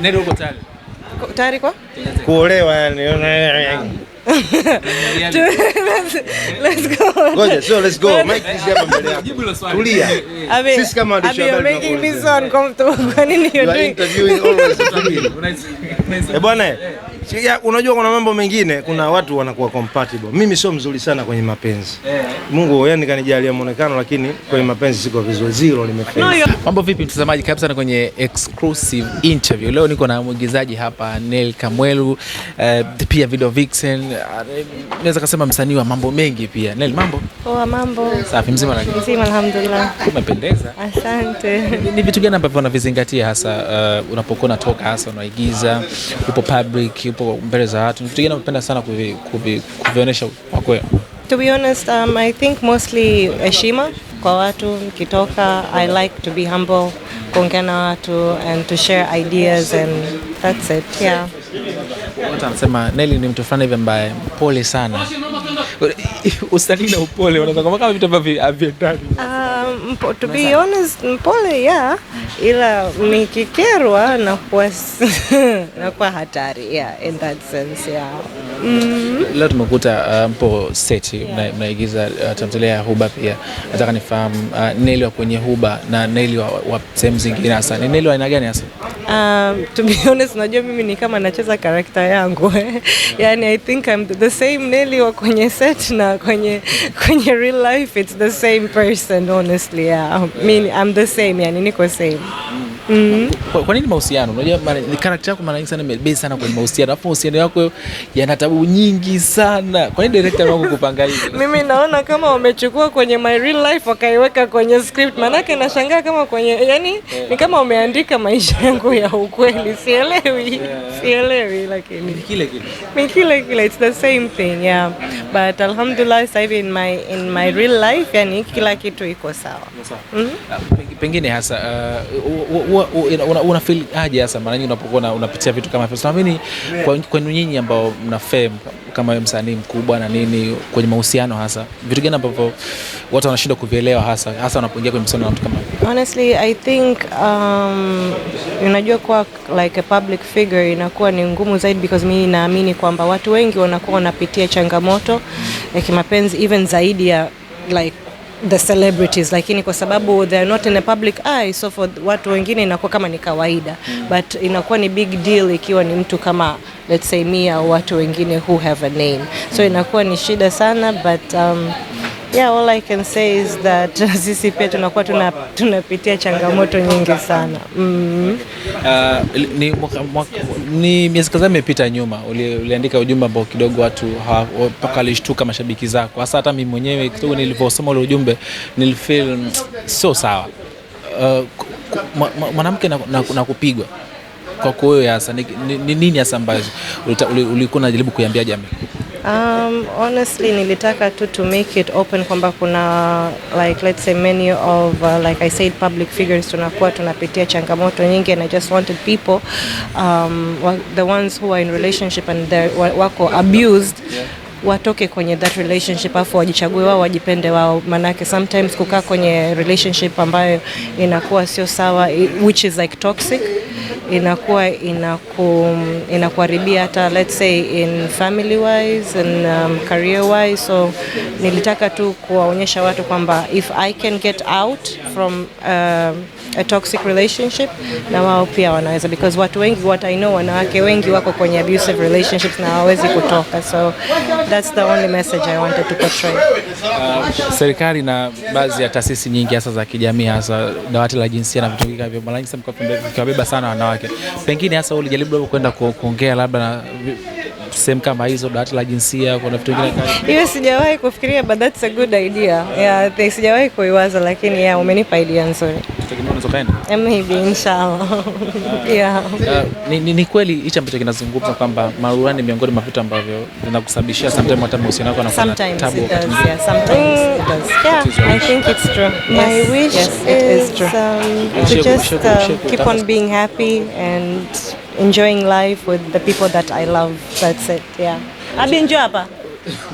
Nero uko tayari? Tayari kwa kuolewa yani. Bwana, eh. unajua kuna mambo mengine, kuna watu wanakuwa compatible. Mimi sio mzuri sana kwenye mapenzi. Eh. Mungu yani kanijalia lakini kwenye mapenzi siko vizuri, zero Mambo vipi mtazamaji, karibu sana kwenye exclusive interview. Leo niko na mwigizaji hapa Nel Kamwelu, uh, pia video vixen naweza kusema msanii wa mambo mengi pia. Nel, mambo? Oh, mambo. Safi mzima na mzima, alhamdulillah. Umependeza. Asante. Ni vitu gani ambavyo unavizingatia hasa uh, unapokuwa unatoka hasa unaigiza, upo public, upo mbele za watu. Ni vitu gani unapenda sana kuvi, kuvi, kuvionyesha kwa kweli? To be honest, um, I think mostly heshima kwa watu nikitoka, I like to be humble, kuongea na watu and to share ideas and that's it. Yeah watu wanasema Neli ni mtu fulani hivi ambaye pole sana. Usanii na upole wanaweza kama vitu ambavyo haviendani. Ah, mpo, to be honest, mpole yeah, ila nikikerwa na nakuwa hatari yeah, in that sense yeah. Mm. Leo tumekuta uh, mpo um, seti yeah. Mnaigiza uh, tamthilia ya Huba pia. Nataka nifahamu uh, Neli wa kwenye Huba na Neli wa, wa sehemu zingine hasa ni Neli wa aina gani hasa? Um, to be honest, najua mimi ni kama nacheza karakta yangu eh. Yani, I think I'm the same Neli wa kwenye set na kwenye kwenye real life it's the same person honestly yeah. I niko same. Mm. Kwa nini mahusiano? Unajua karakta yako mara nyingi sana imebase sana kwenye mahusiano. Alafu mahusiano yako yana tabu nyingi sana. Kwa nini director wako kupanga hivi? Mimi naona kama wamechukua kwenye my real life wakaiweka kwenye script. Maanake nashangaa kama kwenye yani Ni kama wameandika maisha yangu ya ukweli. Sielewi. Sielewi lakini. Ni kile kile. It's the same thing. Yeah but alhamdulillah sasa hivi in my, in my real life yani kila kitu iko sawa. Mhm. Ah, pengine hasa uh, una feel aje hasa mara nyingi unapokuwa unapitia vitu kama hivyo, naamini kwa nyinyi ambao mna fame kama msanii mkubwa na nini, kwenye mahusiano hasa, vitu gani ambavyo watu wanashindwa kuvielewa hasa hasa wanapoingia kwenye msanii na mtu kama Honestly, I think um, unajua kuwa like a public figure inakuwa ni ngumu zaidi because mimi naamini kwamba watu wengi wanakuwa wanapitia changamoto ya kimapenzi even zaidi ya like the celebrities, lakini kwa sababu they are not in a public eye, so for watu wengine inakuwa kama ni kawaida mm. But inakuwa ni big deal ikiwa ni mtu kama let's say me au watu wengine who have a name, so hmm. inakuwa ni shida sana but um, Yeah, all I can say is that sisi pia tunakuwa tunapitia changamoto nyingi sana mm. Uh, ni, ni miezi kadhaa imepita nyuma uliandika ujumbe ambao kidogo watu mpaka walishtuka mashabiki zako, hasa hata mimi mwenyewe kidogo nilivyosoma ule ujumbe nilifeel sio sawa. Uh, mwanamke na, na, na kupigwa kwako wewe hasa ni nini hasa ambazo ulikuwa unajaribu kuiambia jamii? Um, honestly nilitaka tu to make it open kwamba kuna like let's say many of uh, like I said public figures tunakuwa tunapitia changamoto nyingi and I just wanted people um, the ones who are in relationship and they wako abused watoke kwenye that relationship afu wajichague wao wajipende wao, manake sometimes kukaa kwenye relationship ambayo inakuwa sio sawa which is like toxic inakuwa inaku, inakuharibia hata let's say in family wise and um, career wise. So nilitaka tu kuwaonyesha watu kwamba if I can get out from uh, a toxic relationship na wao pia wanaweza, because watu wengi what I know, wanawake wengi wako kwenye abusive relationships na hawawezi kutoka, so that's the only message I wanted to portray. Uh, serikali na baadhi ya taasisi nyingi hasa za kijamii hasa dawati la jinsia na vitu vingine kama hivyo mara nyingi sana wanawake yake. Pengine hasa ulijaribu kwenda kuongea labda na sehemu kama hizo, dawati la jinsia, kuna vitu vingine hiyo. Sijawahi kufikiria, but that's a good idea. Yeah, sijawahi kuiwaza, lakini yeah, umenipa idea nzuri kutegemea eh, Maybe inshallah. Yeah. Eh, ni, ni, ni kweli hicho ambacho kinazungumza kwamba marurani miongoni mwa vitu ambavyo vinakusababishia sometimes hata mahusiano yako yanakuwa tabu sometimes mm, Yeah, I think it's true. My wish is um, to just um, keep on being happy and enjoying life with the people that I love. That's it. Yeah. Abi, njoo hapa.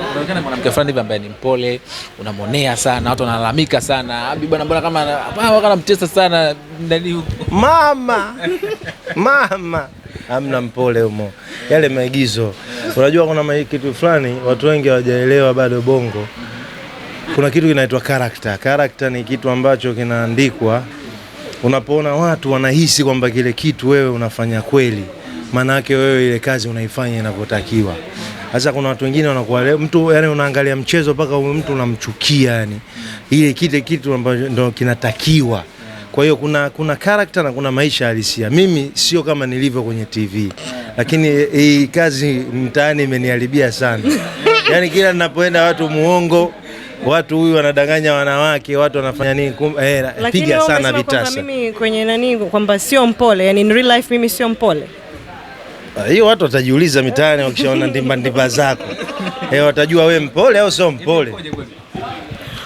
unaonekana mwanamke fulani hivi ambaye ni mpole, unamwonea sana, watu wanalalamika sana, abi bwana, mbona kama anamtesa sana ndani huko mama mama amna mpole humo, yale maigizo. Unajua, kuna kitu fulani watu wengi hawajaelewa bado Bongo, kuna kitu kinaitwa character. Character ni kitu ambacho kinaandikwa, unapoona watu wanahisi kwamba kile kitu wewe unafanya kweli, maana yake wewe ile kazi unaifanya inavyotakiwa. Sasa kuna watu wengine wanakuwa mtu yani, unaangalia mchezo mpaka mtu unamchukia yani, ile kile kitu ambacho ndo kinatakiwa. Kwa hiyo kuna kuna character na kuna maisha halisia. Mimi sio kama nilivyo kwenye TV, lakini hii kazi mtaani imeniharibia sana yani, kila ninapoenda watu muongo watu huyu wanadanganya wanawake, watu wanafanya nini? Eh, piga sana vitasa. Lakini Mimi kwenye nani kwamba sio mpole, yani in real life mimi sio mpole. Ah, hiyo watu watajiuliza mitaani wakishaona ndimba ndimba zako eh, watajua we mpole au sio mpole.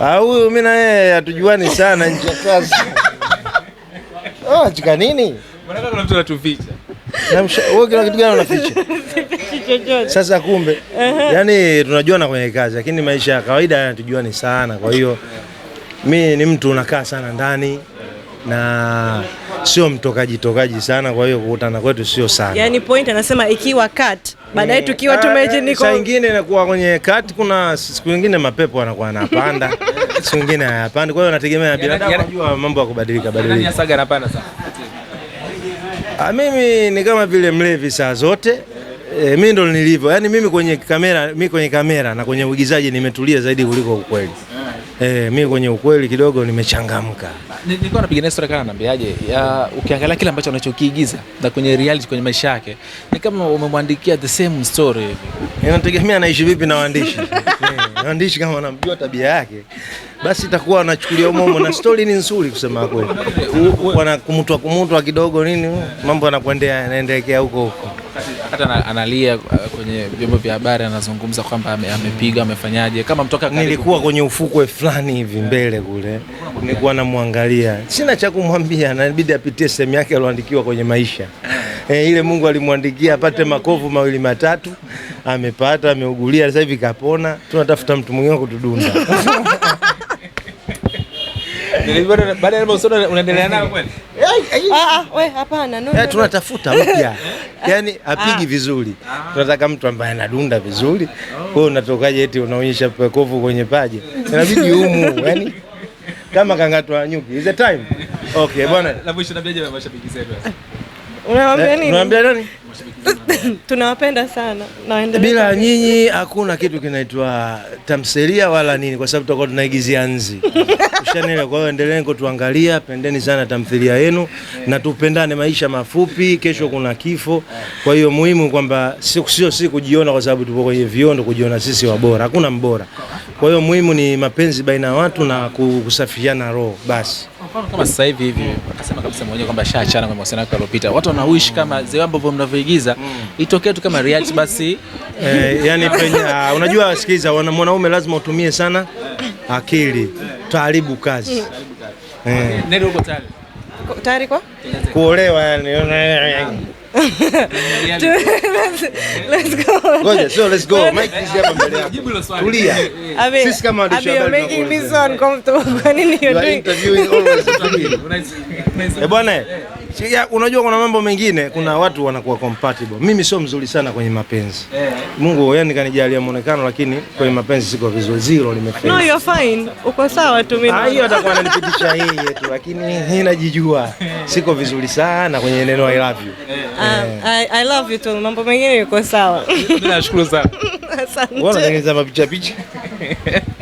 Ah, huyu mimi na yeye hatujuani sana nje ya kazi. Oh, chika nini? Mbona kuna mtu anatuficha? Wewe kila kitu gani unaficha? Sasa kumbe, yaani tunajuana kwenye kazi, lakini maisha ya kawaida hatujuani sana. Kwa hiyo mimi ni mtu unakaa sana ndani na sio mtokaji tokaji sana, kwa hiyo kukutana kwetu sio sana. Yani point anasema ikiwa cut baadaye eh, tukiwa eh, tumejeniko. Saa nyingine inakuwa kwenye cut, kuna siku nyingine mapepo anakuwa anapanda siku nyingine hayapandi, kwa hiyo nategemea bila kujua mambo ya kubadilika badilika. Ah, mimi ni kama vile mlevi saa zote. E, eh, mi ndo nilivyo, yaani mimi kwenye kamera, mi kwenye kamera na kwenye uigizaji nimetulia zaidi kuliko ukweli. Eh, mimi kwenye ukweli kidogo nimechangamka. Nilikuwa napiga naye kana anambiaje, ukiangalia kile ambacho anachokiigiza na kwenye reality kwenye maisha yake ni kama umemwandikia the same story. Inategemea anaishi vipi na waandishi. Eh, waandishi kama wanamjua tabia yake basi itakuwa anachukulia umomo na story ni nzuri kusema kweli. Wana kumutwa kumutwa kidogo nini mambo yanakwendea yanaendelea huko huko wakati analia uh, kwenye vyombo vya habari anazungumza kwamba amepiga amefanyaje, kama mtoka karibu. Nilikuwa kwenye ufukwe fulani hivi mbele kule, nilikuwa namwangalia, sina cha kumwambia, na apitie sehemu yake aliyoandikiwa kwenye maisha e, ile Mungu alimwandikia apate makovu mawili matatu, amepata, ameugulia, sasa hivi kapona, tunatafuta mtu mwingine kutudunda baada ya unaendelea nayo kweli Ah, ah, hapana, eh, tunatafuta mpya yani apigi ah. vizuri, tunataka mtu ambaye anadunda vizuri. Kwa unatokaje eti unaonyesha pekovu kwenye paja? Inabidi umu yani kama kangatwa nyuki. Is the time? Okay bwana, la mwisho mashabiki zetu sasa? Eh, nini? nani? tunawapenda sana na bila nyinyi hakuna kitu kinaitwa tamthilia wala nini, kwa sababu tutakuwa tunaigizia nzi ushanele. Kwa hiyo endeleeni kutuangalia, pendeni sana tamthilia yenu na tupendane. Maisha mafupi, kesho kuna kifo. Kwa hiyo muhimu kwamba sio sio si kujiona, kwa sababu tupo kwenye viondo, kujiona sisi wabora. Hakuna mbora. Kwa hiyo muhimu ni mapenzi baina ya watu na kusafiana roho basi mfano kama sasa hivi hivi akasema kabisa mwenyewe kwamba shaachana kwa mahusiano yake aliyopita, watu wanawish kama zile ambavyo mnavyoigiza mm. itokee tu kama reality basi. Eh, yani penye ah, unajua, sikiza, mwanaume lazima utumie sana akili, taharibu kazi. Mm. Eh. Neno uko tayari? Tayari kwa kuolewa yani Bwana, unajua kuna mambo mengine, kuna eh. watu wanakuwa compatible. Mimi sio mzuri sana kwenye mapenzi. Eh. Mungu yani kanijalia muonekano, lakini kwenye mapenzi siko vizuri, zero nimefeli. No, fine. Uko sawa tu mimi. Ah, hiyo atakuwa ananipitisha yeye tu, lakini siko vizuri sana kwenye neno I love you. Eh. Um, I, I love you too. Mambo mengine yuko sawa. Nashukuru sana. Asante. Wanatengeneza mapicha picha.